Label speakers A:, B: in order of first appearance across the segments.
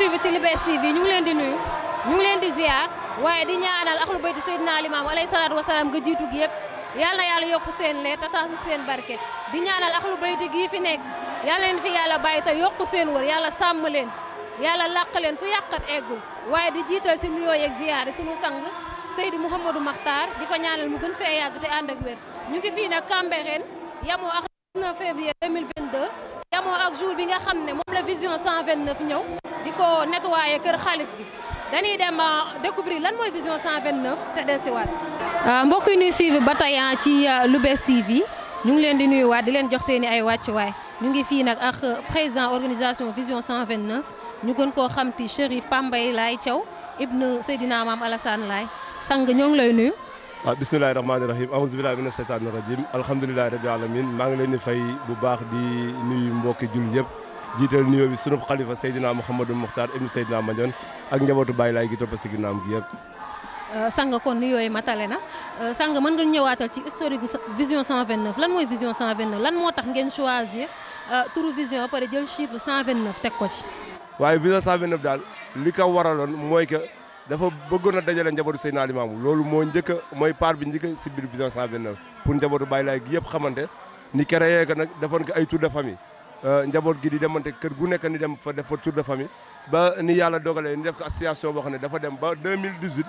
A: suivre ci ñu ngi leen di nuyu ñu ngi leen di ziar waaye di ñaanal axlu bayti Seydina Limaamu alayhi salaatu wasalaam nga jiitu gi yëpp yal na yàlla yokk seen leer tataasu seen barke di ñaanal axlu bayti gii fi nekk yal na leen fi yàlla bàyyi te yokk seen wër yàlla sàmm leen yàlla làq leen fu yàqat eggul waaye di jiital si nuyoo yeeg ziar yi sunu sang Seydi Mouhamadou Makhtar di ko ñaanal mu gën fee yàgg te ànd ak wér ñu ngi fii nag Cambérène yamoo ak 19 février 2022 jour bi nga xam ne moom la vision 129 ñëw di ko nettoyé kër xaalif bi dañuy dem euh, découvrir lan mooy vision 129 te dellusiwaat. Euh, mbokk yi ñuy suivre ba tey euh, ci lu bees Lou'Bess TV ñu ngi leen di nuyuwaat di leen jox seen i ay wàccuwaay ñu ngi fii nag ak président organisation vision 129 ñu gën koo xam ti Chérif Pambay Laay Thiaw ibnu Seydina Maam Alassane Laay sang ñoo ngi lay nuyu.
B: waaw ah, bisimilahi rahmaani rahim ahousubillahi mina seytaani rajim alhamdulilahi rabi alamin maa ngi leen fay bu baax di nuyu mbokki jul yëpp. jiital nuyoo bi sunu xalifa Seydina Mouhamadou Mokhtar ibnu Seydina Mandione ak njabootu Baye Laye gi topp si ginnaam gi yëpp.
A: Euh, sang kon nuyoo yi matale na euh, sang mën nga ñëwaatal ci historique bi vision 129 lan mooy vision 129 lan moo tax ngeen choisir euh, turu vision ba pare jël chiffre 129 teg ko ci.
B: waaye vision 129 daal li ka waraloon mooy que dafa bëggoon a dajale njabootu Seydina Limaamu loolu moo njëkk mooy part bi njëkk si biir vision 129 pour njabootu Baye yëpp xamante ni créé defoon ko ay tour de famille. Euh, njaboot gi di demante kër gu nekk ni dem fa def fa tour de famille ba ni yàlla ni def ko association boo xam ne dafa dem ba 2018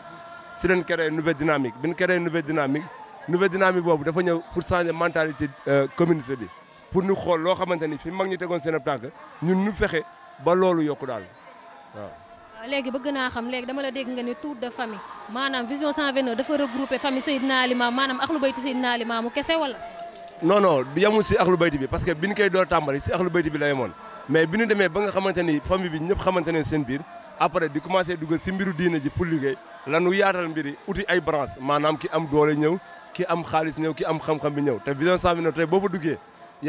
B: si leen créé nouvelle dynamique bi ñu créé nouvelle dynamique boobu dafa ñëw pour changer mentalité euh, communauté bi pour ñu xool loo xamante ni fi mag ñu tegoon seen tànk ñun ñu fexe ba loolu yokku daal waaw.
A: léegi bëgg naa xam léegi dama la dégg nga ni tour de famille maanaam vision 129 dafa regroupé famille Seydina Limamou maanaam
B: non non yamul si lu bay bi parce que bi ñu koy door tàmbali si axlu bayti bi la yemoon mais bi ñu demee ba nga xamante ni famille bi ñëpp xamante ne seen biir après di commencé dugg si mbiru diine ji pour liggéey lanu yaatal mbiri uti ay branche maanaam ki am doole ñëw ki am xaalis ñëw ki am xam-xam bi ñëw te vision cent millions tey boo fa duggee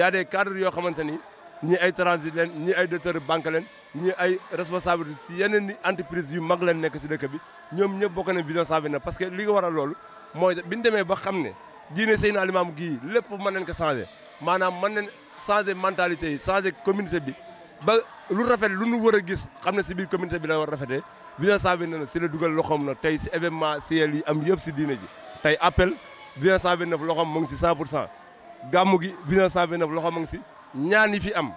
B: a des yoo xamante ni ñii ay transit leen ñii ay directeur banque leen ñii ay responsable si yeneen ni entreprise yu mag leen nekk si dëkk bi ñoom ñëpp bokk na vision cent millions parce que li ko waral loolu mooy bi ñu demee ba xam ne diine Seydina Limaamu gii lépp mën nañ ko changé maanaam mën nañ changé mentalité yi changé communauté bi ba lu rafet lu nu war a gis xam ne si biir communauté bi la war a rafetee Viviane na si la dugal loxoom na tey si événement si yi am yëpp si diine ji tey appel Viviane Sabine loxoom mu ngi si 100 pour cent gàmmu gi Viviane Sabine loxoom mu ngi si ñaan yi fi am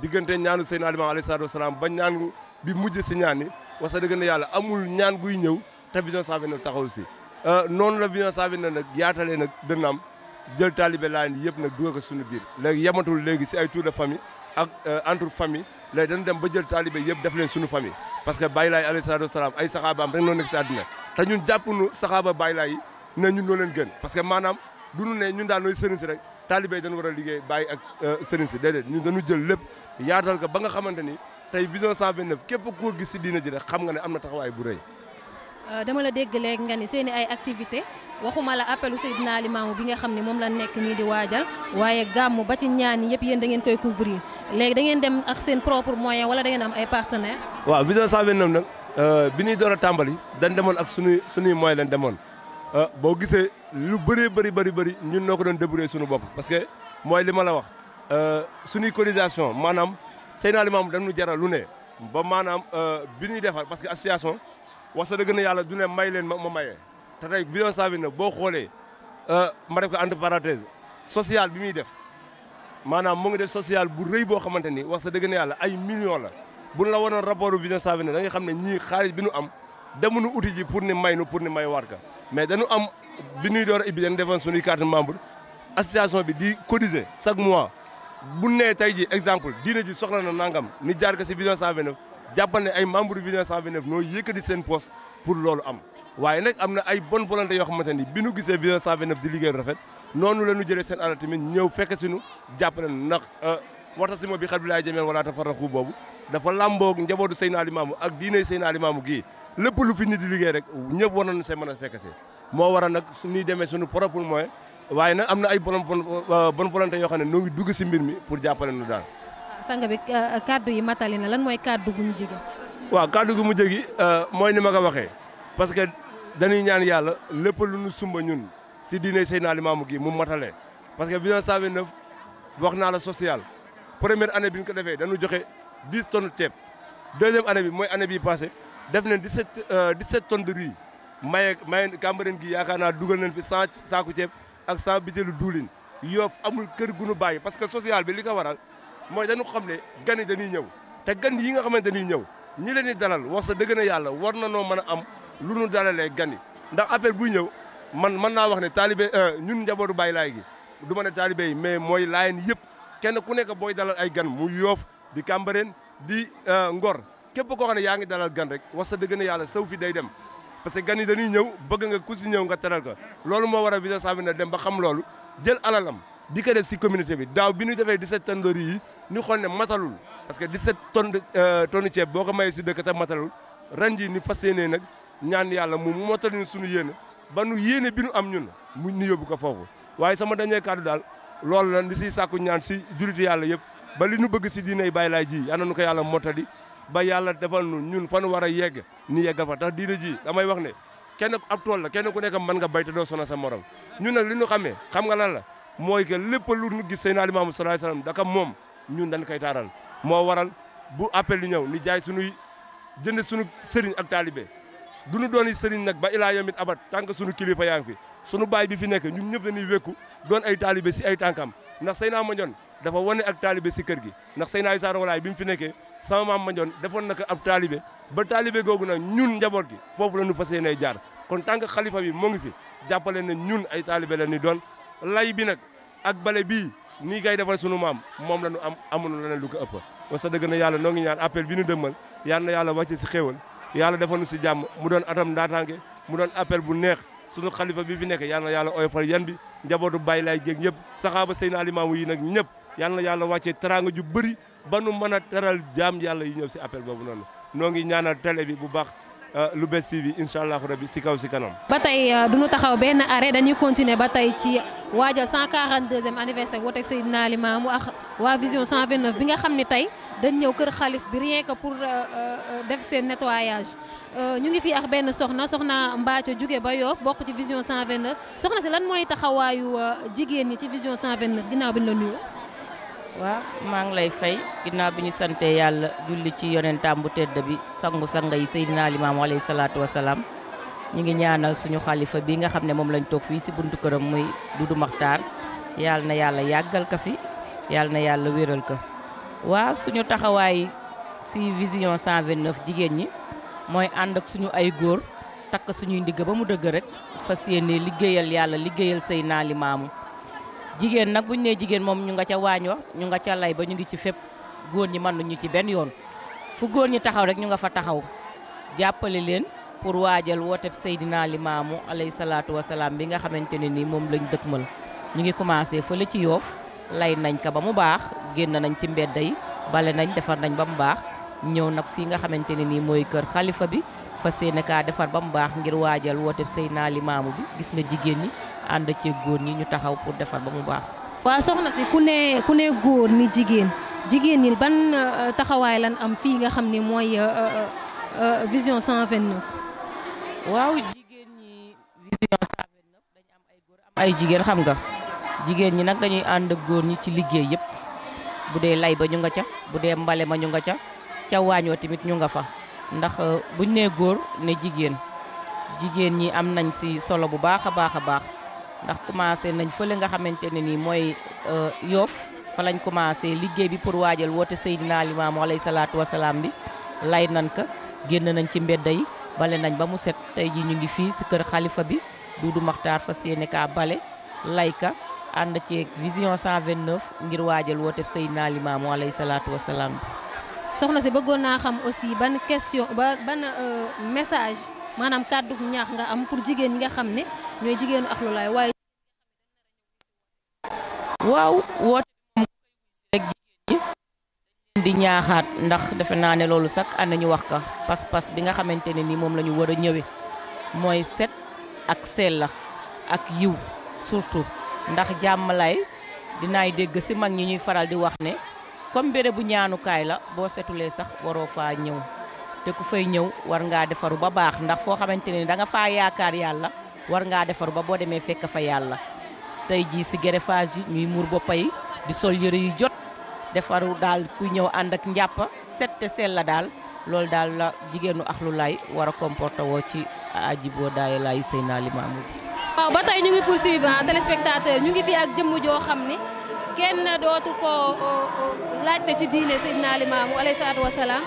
B: diggante ñaanu Seydina Limaamu alayhi salaatu wasalaam ba ñaan bi mujj si ñaan yi wasa dëgg na yàlla amul ñaan guy ñëw te Viviane Sabine taxaw si. Euh, noonu la Vina Savine nag yaatalee nag am jël taalibe Laayeen yëpp nag dugal ko suñu biir léegi yematul léegi si ay tour de famille ak euh, entre famille léegi dañu dem ba jël taalibe yëpp def leen suñu famille parce que Baye Laay alayhi salaatu wasalaam ay saxaabaam rek noo nekk si àddina te ñun jàpp nu saxaaba Laay yi ne ñun leen gën parce que maanaam du ne ñun daal nooy sëriñ si rek taalibe yi war a liggéey bàyyi ak euh, sëriñ si déedéet ñun dañu jël lépp yaatal ko ba nga xamante ni tey Vision 129 képp koo gis si diina ji rek xam nga ne am na taxawaay bu rëy
A: Euh, dama la dégg léegi nga ni seen i ay activité waxuma la appelu Seydina Limaamu bi nga xam ne moom la nekk nii di waajal waaye gàmm ba ci ñaan yëpp yéen da ngeen koy couvrir léegi da ngeen dem ak seen propre moyen wala da am ay partenaire
B: waaw Vision 129 nag euh, bi ñuy door a tàmbali dañ demoon ak suñuy suñuy moyen lan demoon euh, boo gisee lu bëree bëri bëri bëri ñun noo ko doon débrouiller suñu bopp parce que mooy li ma la wax suñuy cotisation maanaam Seydina Limaamu dañu jaral lu ne ba maanaam bi ñuy defar parce que association wax sa dëgg na yàlla du may leen ma ma maye te tey Vidéo boo xoolee euh, ma def ko entre parenthèse social bi muy def maanaam moo ngi def social bu rëy boo xamante ni wax sa dëgg na yàlla ay millions la buñ la wanoon rapport Vidéo Savane da nga xam ne ñii xaalis bi nu am demuñu uti ji pour ni may nu pour ni may waat ka mais dañu am bi nuy door a ibbi dañu defoon suñuy carte membre association bi di cotiser chaque mois bu nee tey ji exemple diine ji soxla na nangam ni jaar ko si Vidéo Savane jàppal ne ay membre Vision 129 noo yëkkati seen poste pour loolu am waaye na am na ay bon volonté yoo xamante ni bi nu gisee Vision 129 di liggéey rafet noonu la ñu jëlee seen alal tamit ñëw fekk si ñu jàppale ndax euh, waxta si ma bi xel bi laay jëmeel wala tafarraxu boobu dafa làmboog njabootu Seydina Limaamu ak diine Seydina Limaamu gii lépp lu fi nit di liggéey rek ñëpp war nañu see a fekk si moo waral nag suñuy demee suñu propre moyen waaye nag am na ay bonne euh, bonne volonté yoo xam ne noo ngi dugg si mbir mi pour jàppale nu daal
A: sang bi euh, kàddu yi matali na lan mooy kàddu gu mujj gi.
B: waaw kàddu gu mujj gi euh, mooy ni ma ko waxee parce que dañuy ñaan yàlla lépp lu ñu sumba ñun si diine Seydina mu gi mu matale parce que 1929 wax naa la social première année bi ñu ko defee danu joxe 10 tonnes ceeb deuxième année bi mooy année bii passé def nañ di 17 euh, tonnes de riz maye maye Cambérène gi yaakaar naa dugal nañ fi 100 saaku ceeb ak 100 bitéelu duulin Yoff amul kër gu nu bàyyi parce que social bi li ko waral. mooy dañu xam ne gan yi dañuy ñëw te gan yi nga xamante dañuy ñëw ñi leen di dalal wax sa dëgg yàlla war na noo mën a am lu nu dalalee gan ndax appel buy ñëw man mën naa wax ne taalibe euh, ñun njabootu Baay Laay gi du ma ne taalibe yi mais mooy Laayeen yëpp kenn ku nekk booy dalal ay gan mu yoof di Cambérène di euh, Ngor képp koo xam ne yaa ngi dalal gan rek wax sa dëgg yàlla saw fi day dem parce que gan dañuy ñëw bëgg nga ku si ñëw nga teral ko loolu moo war a sa Savin na dem ba xam loolu jël alalam di ko def si communauté bi daaw bi ñu defee 17 tonnes de riz yi ñu xool ne matalul parce que 17 tonnes euh, ceeb boo ko mayee si dëkk te matalul ren jii ni fas yéenee nag ñaan yàlla mu motal ñu suñu yéene ba nu yéene bi nu am ñun mu ñu yóbbu ko foofu waaye sama dañee kàddu daal loolu la li siy sàkku ñaan si jullitu yàlla yëpp ba li nu bëgg si diinay Baay Laay ji yal na nu ko yàlla motali ba yàlla defal nu ñun fa nu war a yegg ni yeggal fa tax diine ji damay wax ne kenn ab tool la kenn ku nekk mën nga bay te doo sonal sa morom ñun li ñu xamee xam nga lan la mooy que lépp lu nu gis Seydina Limaamu salaay salaam daka moom ñun dañ koy taaral moo waral bu appel di ñëw ni jaay sunuy jënd sunu sëriñ ak taalibe du nu doon sëriñ nag ba ilaa yomit abat tànk sunu kilifa yaa ngi fi sunu baay bi fi nekk ñun ñëpp dañuy wékku doon ay taalibe si ay tànkam ndax Seydina Mandione dafa wane ak taalibe si kër gi ndax Seydina Issa Rouhou Laye bi mu fi nekkee sama ma Mandione defoon na ko ab taalibe ba taalibe googu nag ñun njaboot gi foofu la ñu fas yéenee jaar kon tànk xalifa bi moo ngi fi jàppale ne ñun ay taalibe la ñu doon lay bi nag ak bale bii nii kay defal sunu maam moom la ñu am amuñu leneen lu ko ëpp. parce dëgg na yàlla noo ngi ñaan appel bi ñu dëmmal yal na yàlla wàcce si xéwal yàlla defal nu si jàmm mu doon atam ndaataange mu doon appel bu neex sunu xalifa bi fi nekk yal na yàlla oyofal yan bi njabootu bay laay jéeg ñëpp saxaaba seen alimaamu yi nag ñëpp yal na yàlla wàccee teraanga ju bëri ba nu mën a teral jaam yàlla yi ñëw si appel boobu noonu noo ngi ñaanal télé bi bu Euh, Lou'Bess TV incha allahu rabi si kaw si kanam.
A: ba tey euh, du ñu taxaw benn arrêt dañuy continuer ba tey ci waaja waajal 142e anniversaire wooteeg Seydina Limamou ak waa vision 129 bi nga xam ni tey dañ ñëw kër xalif bi rien que pour euh, def seen nettoyage ñu ngi fii ak benn soxna soxna Mbathio jóge ba Yoff bokk ci vision 129 soxna si lan mooy taxawaayu jigéen ñi ci vision 129 ginnaaw bi ñu la nuyoo.
C: waaw maa ngi lay fay ginnaaw bi ñu santee yàlla julli ci yonentam bu tedd bi sangu sanga yi Seydina Limaamu alayhi salaatu wasalaam ñu ngi ñaanal suñu xalifa bii nga xam ne moom lañ toog fii si buntu këram muy Dudu Maxtaar yàlla na yàlla yàggal ka fi yàlla na yàlla wéral ka waa suñu taxawaay si vision 129 jigéen ñi mooy ànd ak suñu ay góor takk suñuy ndigg ba mu dëgg rek fas yéene liggéeyal yàlla liggéeyal Seydina Limaamu jigéen nag bu ñu nee jigéen moom ñu nga ca waañ wa ñu nga ca lay ba ñu ngi ci fépp góor ñi mën ñu ci benn yoon fu góor ñi taxaw rek ñu nga fa taxaw jàppale leen pour waajal wooteb Seydina Limaamu alayhi salaatu wasalaam bi nga xamante ne nii moom lañ dëkkmal ñu ngi commencé fële ci yoof lay nañ ka ba mu baax génn nañ ci mbedd bale nañ defar nañ ba mu baax ñëw nag fii nga xamante ne nii mooy kër xalifa bi fa séene kaa defar ba mu baax ngir waajal wooteb Seydina Limaamu bi gis nga jigéen ñi ànd cee góor ñi ñu taxaw pour defar ba mu baax.
A: waa soxna si ku ne ku ne góor ni jigéen jigéen ñi ban euh, taxawaay lan am fii nga xam ni mooy euh, euh, vision 129.
C: waaw jigéen ñi vision dañu am ay góor am ay jigéen xam nga jigéen ñi nag dañuy ànd ak góor ñi ci liggéey yëpp bu dee lay ba ñu nga ca bu dee mbale ma ñu nga ca ca waañoo tamit ñu nga fa ndax buñ nee góor ne jigéen jigéen ñi am nañ si solo bu baax a baax a baax. ndax commencé nañ fële nga xamante ne nii mooy euh, Yoff fa lañ commencé liggéey bi pour waajal woote Seydina Limaamu alayhi salaatu wasalaam bi lay nan ka génn nañ ci mbedd yi bale nañ ba mu set tey ji ñu ngi fii si kër xalifa bi du Maxtaar fa séene ka bale lay ka ànd ceeg vision 129 ngir waajal woote Seydina Limaamu alayhi salaatu wasalaam bi
A: soxna si bëggoon naa xam aussi ban question ba ban euh, message maanaam kàddu ñaax nga am pour jigéen ñi nga xam ne
C: waaw woote moom jigéen ñi di ñaaxaat ndax defe naa ne loolu sax ànd ñu wax ka pas-pas bi nga xamante ne nii moom la ñu war a ñëwee mooy set ak sell la ak yiw surtout ndax jàmm lay dinaay dégg si mag ñi ñuy faral di wax ne comme bére bu ñaanukaay la boo setulee sax waroo faa ñëw te ku fay ñëw war ngaa defaru ba baax ndax foo xamante ne da nga faa yaakaar yàlla war ngaa defaru ba boo demee fekk fa yàlla tey jii si greffage yi ñuy muur boppa yi di sol yëre yu jot defaru daal ku ñëw ànd ak njàpp set te sell la daal loolu daal la jigéenu axlu laay war a woo ci aji boo daaye laayu sëy naa limaamu bi
A: waaw ba tey ñu ngi poursuivre téléspectateur ñu ngi fi ak jëmm joo xam ne kenn dootu ko laajte ci diine Seydina Limaamu alayhi salaatu wasalaam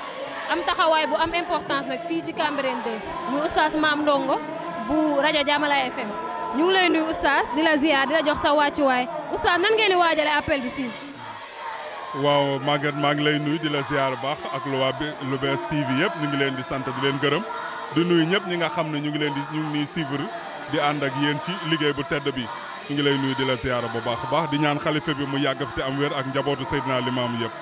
A: am taxawaay bu am importance nag fii ci Cambérène 2 muy oustaz Mame Ndongo bu rajo Jamalaay FM ñu ngi lay nuyu oustaz di la ziar di la jox sa wàccuwaay oustaz nan ngeen di waajale appel bi fii.
D: waaw Maguette maa ngi lay nuyu di la ziar baax ak lu waa Lou'Bess TV yëpp ñu ngi leen di sant di leen gërëm di nuy ñëpp ñi nga xam ne ñu ngi leen di ñu ngi suivre di ànd ak yéen ci liggéey bu tedd bi. ñu ngi lay nuyu di la ziar bu baax baax di ñaan xalifa bi mu yàgg fi te am wér ak njabootu Seydina Limaamu yëpp.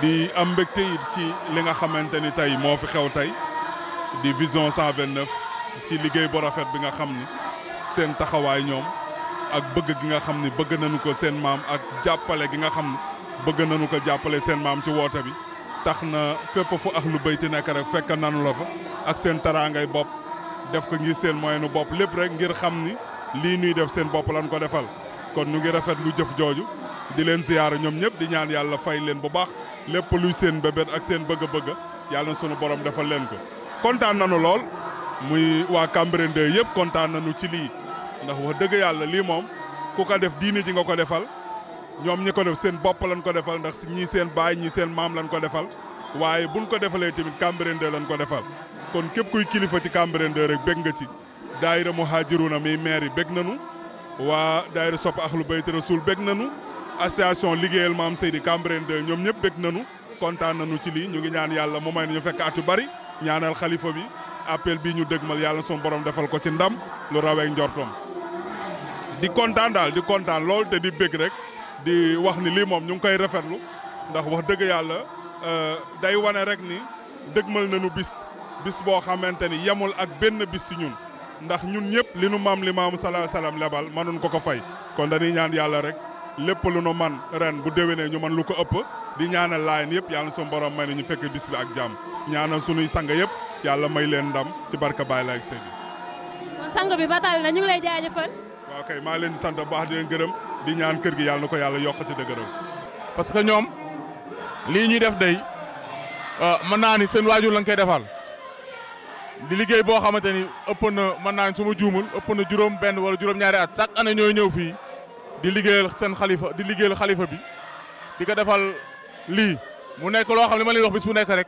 D: di am mbégte it ci li nga xamante ni tey moo fi xew tey di vision 129 ci liggéey bu rafet bi nga xam seen taxawaay ñoom ak bëgg gi nga xam ni bëgg nañu ko seen maam ak jàppale gi nga xam ni bëgg nañu ko jàppale seen maam ci woote bi tax na fépp fu ahlu bayti nekk rek fekk nanu la fa ak seen taraangay bopp def ko ngir seen moyenu bopp lépp rek ngir xam ni lii nuy def seen bopp lan ko defal kon nu ngi rafet lu jëf jooju di leen ziyaara ñoom ñëpp di ñaan yàlla fay leen bu baax lépp luy seen bébét ak seen bëgg-bëgg yàlla na sunu borom defal leen ko muy waa Cambérène 2 yëpp kontaan nañu ci lii ndax wax dëgg yàlla lii moom ku ko def diine ji nga ko defal ñoom ñi ko def seen bopp lañ ko defal ndax ñii seen baay ñii seen maam lañ ko defal waaye buñ ko defalee tamit Cambérène 2 lañ ko defal kon képp kuy kilifa ci Cambérène 2 rek bég nga ci daayira Muhaajiruuna mi maire yi bég nanu waa daayira sopp lu Ahlu Bayti Rasul bég nanu association liggéeyal maam Seydi Cambérène 2 ñoom ñëpp bég nanu kontaan nañu ci lii ñu ngi ñaan yàlla mu may nañu yu bari ñaanal xalifa bi appel bii ñu dëgmal yàlla suñu borom defal ko ci ndam lu rawee njortoom di kontaan daal di kontaan lool te di bëgg rek di wax ni lii moom ñu ngi koy rafetlu ndax wax dëgg yàlla euh, day wane rek ni dëgmal nañu bis bis boo xamante ni yamul ak benn bis si ñun ndax ñun ñëpp li nu maam li maamu salaa salaam lebal mënuñ ko ko fay kon dañuy ñaan yàlla rek lépp lu nu man ren bu déwénee ñu man lu ko ëpp di ñaanal laayeen yëpp yàlla suñu borom may na ñu fekk bis bi ak jàmm ñaanal sunuy sang yëpp yàlla may leen ndam ci barka Baye Laye ak Seydi.
A: kon bi batal na ñu ngi lay jaajëfal.
D: kay maa leen di sant baax di gërëm di ñaan kër gi yàlla ko yàlla yokkati dëgëral. parce que ñoom lii ñuy def day ah, mën naa ni seen waajur lañ koy defal di liggéey boo xamante ni ëpp na mën naa ni su ma juumul ëpp na juróom benn wala juróom-ñaari at chaque année ñooy ñëw fii di liggéeyal seen xalifa di liggéeyal xalifa bi di ko defal lii mu nekk loo xam ne ma leen bi bis bu nekk rek.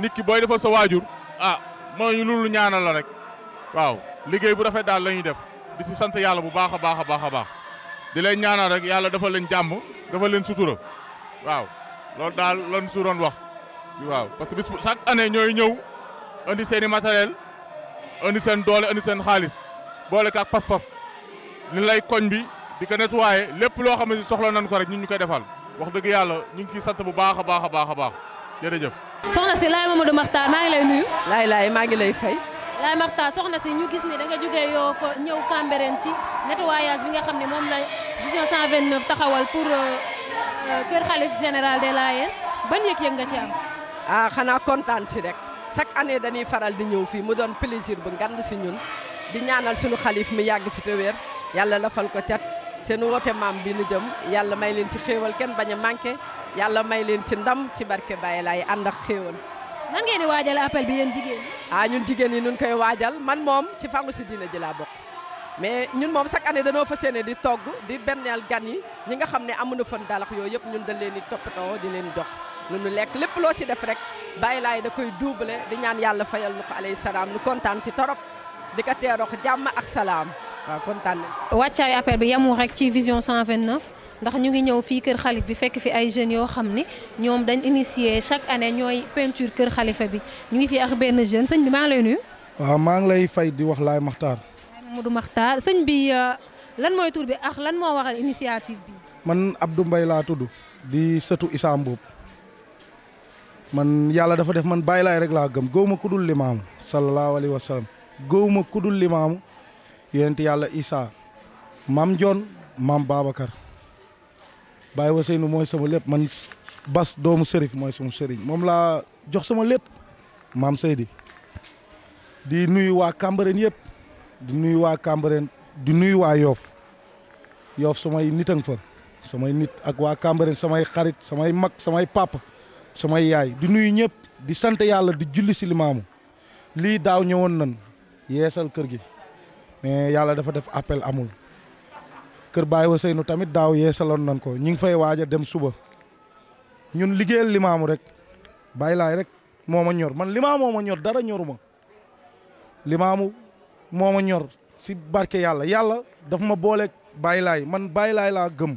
D: nit ki booy defal sa waajur ah mooy loolu ñaanal la rek waaw liggéey bu rafet daal la def di si sant yàlla bu baax a baax a baax a baax di leen ñaanal rek yàlla dafa leen jàmm dafa leen sutura waaw loolu daal lan su doon waaw parce que bis chaque année ñooy ñëw indi seen i matériel seen doole indi seen xaalis boole ko ak pas lay koñ bi di ko nettoyé lépp loo xam ne soxla nañ ko rek ñun ñu koy defal wax dëgg yàlla ñu ngi ciy sant bu baax a baax
A: a baax a baax jërëjëf. soxna si Laye Mamadou Makhtar maa ngi lay nuyu. laay laay maa ngi lay fay. Laye Makhtar soxna si ñu gis ni da nga jógee yoo fa ñëw Cambérène ci nettoyage bi nga xam ne moom la vision taxawal pour euh, euh, kër xalif général des Layènes
C: ban yëg-yëg nga ci am. ah xanaa kontaan si rek chaque année danuy faral di ñëw fii mu doon plaisir bu ngand si ñun di ñaanal suñu xalif mi yàgg fi te yàlla lafal ko cat seen woote maam bi nu jëm yàlla may leen ci xéewal kenn bañ a yàlla may leen ci ndam ci barke Baye Laye ànd ak xéewal. nan ngeen di waajal appel bi yéen jigéen ñi. ah ñun jigéen ñi nun koy waajal man moom ci fangu si diina ji laa bokk mais ñun moom chaque année danoo fas yéene di togg di berneel gan yi ñi nga xam ne amuñu fan dalax yooyu yëpp ñun dañ leen di toppatoo di leen jox. lu nu lekk lépp loo ci def rek bàyyilaay da koy doublé di ñaan yàlla fayal nu ko aleyhi salaam kontaan ci torop di ko teeroo jàmm ak salaam waaw kontaan
A: nañu. ndax ñu ngi ñëw fii kër xalif bi fekk fi ay jeunes yoo xam ni ñoom dañ initier chaque année ñooy peinture kër xalifa bi ñu ngi fi ak benn jeune sëñ bi maa ngi lay nuyu.
E: waaw maa ngi lay fay di wax laay Maxtaar.
A: Mamadou Maxtaar sëñ bi euh, lan mooy tur bi ak lan moo waral initiative bi.
E: man Abdou mbay laa tudd di sëtu Issa Mboup man yàlla dafa def man bàyyi laay rek laa gëm gëwma ku dul limaamu sallallahu alayhi wa sallam gëwma ku dul limaamu yonent yàlla Issa maam John maam Babacar Baye Ousseynou mooy sama lépp man Bas doomu Serif mooy sama sëriñ moom laa jox sama lépp maam Seydi di nuyu waa Cambérène yëpp di nuyu waa Cambérène di nuyu waa yoof Yoff samay nit fa samay nit ak waa Cambérène samay xarit samay mag samay papa samay yaay di nuyu ñëpp di sant yàlla di julli si limaamu lii daaw ñëwoon nan yeesal kër gi mais yàlla dafa def appel amul kër Baye Ousseynou tamit daaw yeesaloon nañ ko ñu ngi fay waaj a dem suba ñun liggéeyal limaamu rek bàyyi laay rek moo ma ñor man limaam moo ma ñor dara ñoruma limaamu moo ma ñor si barke yàlla yàlla daf ma booleeg bàyyi man bàyyi laa gëm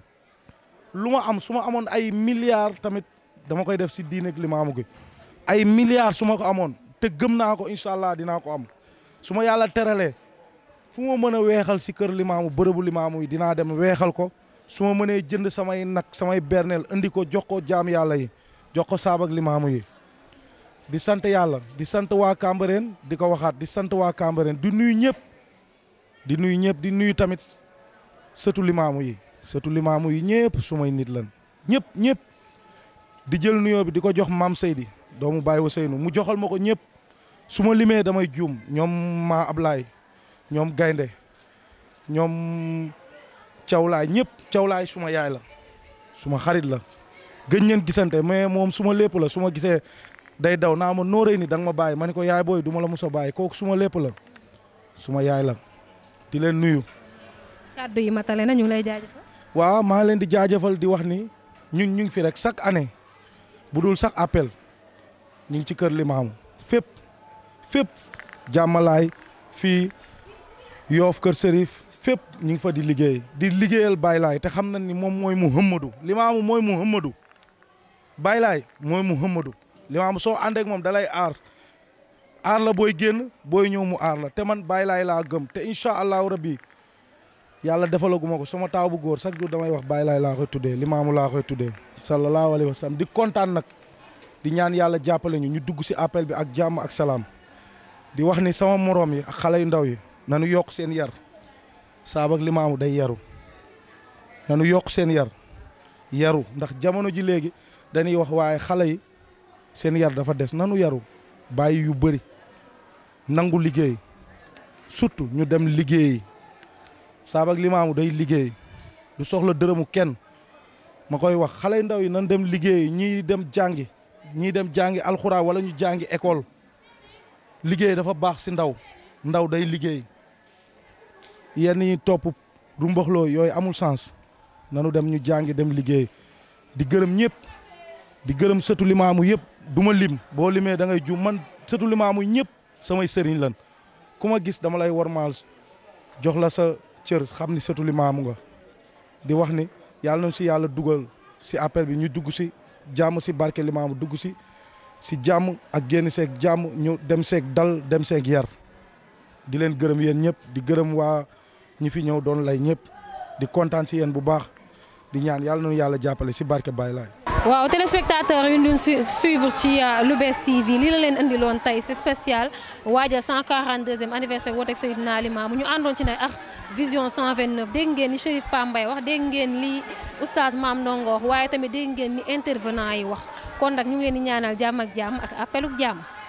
E: lu ma am su ma amoon ay milliards tamit dama koy def si diineeg limaamu gi ay milliards su ma ko amoon te gëm naa ko incha allah dinaa ko am su ma yàlla teralee fu ma mën a weexal si kër limaamu bërëbu limaamu yi dinaa dem weexal ko su ma mënee jënd samay nag samay berneel indi ko jox ko jaam yàlla yi jox ko saabak limaamu yi di sant yàlla di sant waa Cambérène di ko waxaat di sant waa Cambérène di nuyu ñëpp di nuyu ñëpp di nuyu tamit sëtu limaamu yi sëtu limaamu yi su may nit lan ñëpp ñëpp di jël nuyoo bi di ko jox maam Seydi doomu Baye Ousseynou mu joxal ma ko ñëpp su ma limee damay juum ñoom maa Ablaye ñoom gaynde ñoom cawlaay ñëpp cawlaay suma yaay la suma xarit la gëj ngeen gisante mais moom suma lépp la su ma gisee day daw naa ma nooree ni da ma bàyyi ma ne ko yaay booyu duma la mos bàyyi kooku suma lépp la suma yaay la di leen nuyu.
A: kàddu yi matale
E: waaw maa leen di jaajëfal di wax ni ñun ñu ngi fi rek chaque année bu dul sax appel ñu ngi ci kër Limaamu fépp fépp jàmmalaay fii. yoof kër Serif fépp ñu ngi fa di liggéey di liggéeyal Baye Laye te xam na ni moom mooy mu Muhammadu limaamu mooy Muhammadu Baye Laye mooy mu Muhammadu limaamu soo àndeek moom dalay aar aar la booy génn booy ñëw mu aar la te man Baye Laye laa gëm te incha allahu rabbi yàlla defalaguma ko sama taabu góor chaque jour damay wax baaylaay Laye laa koy tuddee limaamu laa koy tuddee sallallahu alayhi wa di kontaan nag di ñaan yàlla jàppale ñu ñu dugg si appel bi ak jàmm ak salaam di wax ni sama moroom yi xale yu ndaw yi nanu yokk seen yar saab ak limaamu day yaru nanu yokk seen yar yaru ndax jamono ji léegi dañuy wax waaye xale yi seen yar dafa des nanu yaru bàyyi yu bëri nangu liggéey surtout ñu dem liggéey saab ak limaamu day liggéey du soxla dërëmu kenn ma koy wax xale yu ndaw yi nan dem liggéey ñii dem jàngi ñii dem jàngi alxuraan walla ñu jàngi école liggéey dafa baax si ndaw ndaw day liggéey yenn yi topp rumbaxloo yooyu amul sens nanu dem ñu jàngi dem liggéey di gërëm ñëpp di gërëm sëtu limaamu yëpp du ma lim boo limee da ngay ju man sëtu limaamu ñëpp samay sëriñ lan ku ma gis dama lay wormaal jox la sa cër xam ni sëtu limaamu nga di wax ni yàlla nañ si yàlla dugal si appel bi ñu dugg si jàmm si barke limaamu dugg si si jàmm ak génn seeg jàmm ñu dem seeg dal dem seeg yar di leen gërëm yéen ñëpp di gërëm waa ñi fi ñëw doon lay ñëpp di kontaan si yéen bu baax di ñaan yàlla na yàlla jàppale si barke Baye Laay.
A: waaw téléspectateur yu ñu suivre ci euh, Lou'Bess TV lii la leen indiloon tey c'est spécial waajal 142e anniversaire wooteeg Seydina Limamou ñu àndoon ci nag ak ah, vision 129 dégg ngeen ni Chérif Pambay wax dégg ngeen lii oustaz Maam Ndongo wax waaye tamit dégg ngeen ni intervenant yi wax kon nag ñu ngeen leen di ñaanal jàmm ak jàmm ak appeluk jàmm.